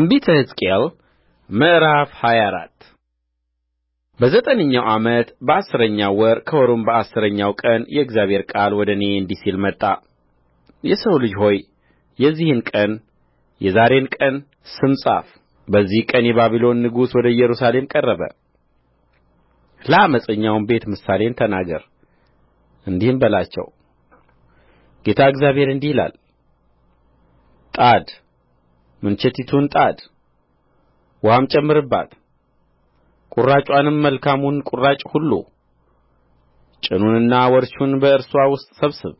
ትንቢተ ሕዝቅኤል ምዕራፍ ሃያ አራት በዘጠነኛው ዓመት በአሥረኛው ወር ከወሩም በአሥረኛው ቀን የእግዚአብሔር ቃል ወደ እኔ እንዲህ ሲል መጣ የሰው ልጅ ሆይ የዚህን ቀን የዛሬን ቀን ስም ጻፍ በዚህ ቀን የባቢሎን ንጉሥ ወደ ኢየሩሳሌም ቀረበ ለዓመፀኛውም ቤት ምሳሌን ተናገር እንዲህም በላቸው ጌታ እግዚአብሔር እንዲህ ይላል ጣድ ምንቸቲቱን ጣድ ውኃም ጨምርባት ቍራጭዋንም መልካሙን ቍራጭ ሁሉ ጭኑንና ወርቹን በእርስዋ ውስጥ ሰብስብ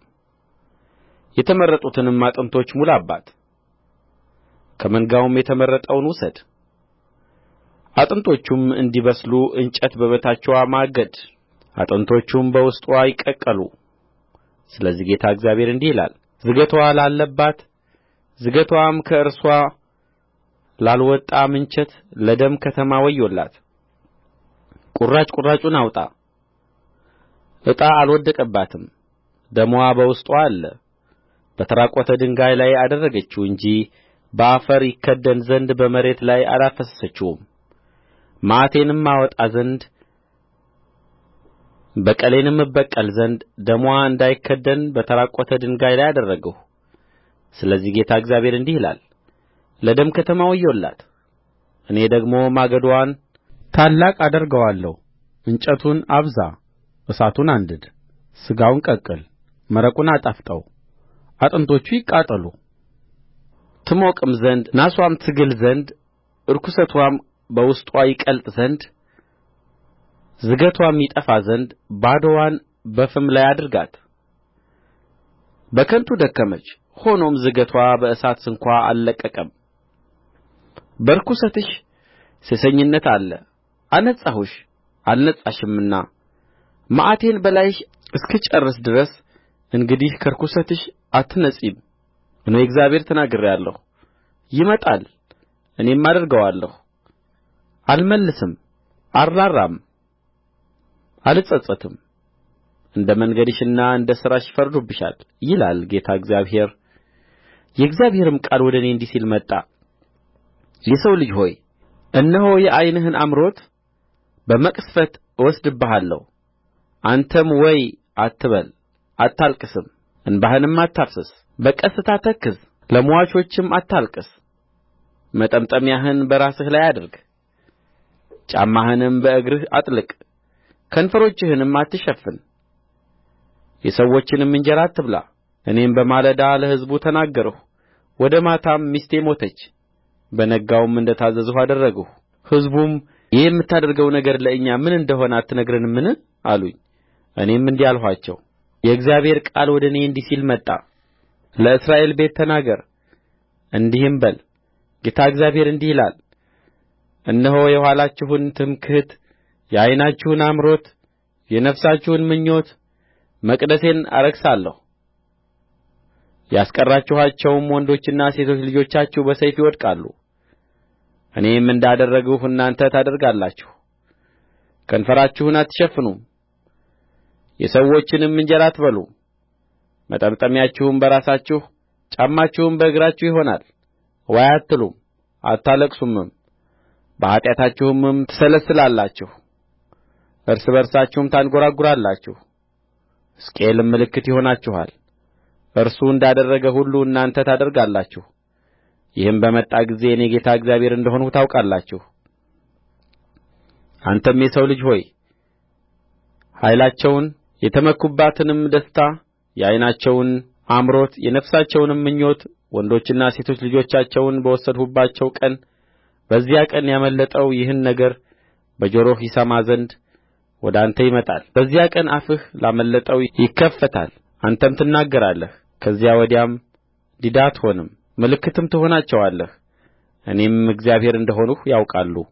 የተመረጡትንም አጥንቶች ሙላባት ከመንጋውም የተመረጠውን ውሰድ አጥንቶቹም እንዲበስሉ እንጨት በበታችዋ ማግድ አጥንቶቹም በውስጥዋ ይቀቀሉ ስለዚህ ጌታ እግዚአብሔር እንዲህ ይላል ዝገትዋ ላለባት ዝገትዋም ከእርስዋ ላልወጣ ምንቸት ለደም ከተማ ወዮላት ቍራጭ ቍራጩን አውጣ ዕጣ አልወደቀባትም ደምዋ በውስጥዋ አለ በተራቈተ ድንጋይ ላይ አደረገችው እንጂ በአፈር ይከደን ዘንድ በመሬት ላይ አላፈሰሰችውም መዓቴንም አወጣ ዘንድ በቀሌንም እበቀል ዘንድ ደምዋ እንዳይከደን በተራቈተ ድንጋይ ላይ አደረግሁ ስለዚህ ጌታ እግዚአብሔር እንዲህ ይላል ለደም ከተማ ወዮላት እኔ ደግሞ ማገዶዋን ታላቅ አደርገዋለሁ እንጨቱን አብዛ እሳቱን አንድድ ሥጋውን ቀቅል መረቁን አጣፍጠው አጥንቶቹ ይቃጠሉ ትሞቅም ዘንድ ናስዋም ትግል ዘንድ ርኵሰትዋም በውስጥዋ ይቀልጥ ዘንድ ዝገትዋም ይጠፋ ዘንድ ባዶዋን በፍም ላይ አድርጋት በከንቱ ደከመች ሆኖም ዝገትዋ በእሳት ስንኳ አልለቀቀም በርኵሰትሽ ሴሰኝነት አለ አነጻሁሽ አልነጻሽምና መዓቴን በላይሽ እስክጨርስ ድረስ እንግዲህ ከርኵሰትሽ አትነጺም እኔ እግዚአብሔር ተናግሬአለሁ ይመጣል እኔም አደርገዋለሁ አልመልስም አልራራም አልጸጸትም እንደ መንገድሽና እንደ ሥራሽ ይፈርዱብሻል ይላል ጌታ እግዚአብሔር የእግዚአብሔርም ቃል ወደ እኔ እንዲህ ሲል መጣ የሰው ልጅ ሆይ እነሆ የዓይንህን አምሮት በመቅሠፍት እወስድብሃለሁ አንተም ወይ አትበል አታልቅስም እንባህንም አታፍስስ በቀስታ ተክዝ ለምዋቾችም አታልቅስ መጠምጠሚያህን በራስህ ላይ አድርግ ጫማህንም በእግርህ አጥልቅ ከንፈሮችህንም አትሸፍን የሰዎችንም እንጀራ አትብላ እኔም በማለዳ ለሕዝቡ ተናገርሁ ወደ ማታም ሚስቴ ሞተች በነጋውም እንደ ታዘዝሁ አደረግሁ ሕዝቡም ይህ የምታደርገው ነገር ለእኛ ምን እንደ ሆነ አትነግረንምን አሉኝ እኔም እንዲህ አልኋቸው የእግዚአብሔር ቃል ወደ እኔ እንዲህ ሲል መጣ ለእስራኤል ቤት ተናገር እንዲህም በል ጌታ እግዚአብሔር እንዲህ ይላል እነሆ የኋላችሁን ትምክሕት የዓይናችሁን አምሮት የነፍሳችሁን ምኞት መቅደሴን አረክሳለሁ ያስቀራችኋቸውም ወንዶችና ሴቶች ልጆቻችሁ በሰይፍ ይወድቃሉ እኔም እንዳደረግሁ እናንተ ታደርጋላችሁ ከንፈራችሁን አትሸፍኑም የሰዎችንም እንጀራ አትበሉም መጠምጠሚያችሁም በራሳችሁ ጫማችሁም በእግራችሁ ይሆናል ዋይ አትሉም አታለቅሱምም በኃጢአታችሁም ትሰለስላላችሁ እርስ በርሳችሁም ታንጐራጕራላችሁ ሕዝቅኤልም ምልክት ይሆናችኋል እርሱ እንዳደረገ ሁሉ እናንተ ታደርጋላችሁ ይህም በመጣ ጊዜ እኔ ጌታ እግዚአብሔር እንደ ሆንሁ ታውቃላችሁ አንተም የሰው ልጅ ሆይ ኃይላቸውን የተመኩባትንም ደስታ የዓይናቸውን አምሮት የነፍሳቸውንም ምኞት ወንዶችና ሴቶች ልጆቻቸውን በወሰድሁባቸው ቀን በዚያ ቀን ያመለጠው ይህን ነገር በጆሮህ ይሰማ ዘንድ ወደ አንተ ይመጣል በዚያ ቀን አፍህ ላመለጠው ይከፈታል አንተም ትናገራለህ ከዚያ ወዲያም ዲዳ አትሆንም ምልክትም ትሆናቸዋለህ እኔም እግዚአብሔር እንደ ሆንሁ ያውቃሉ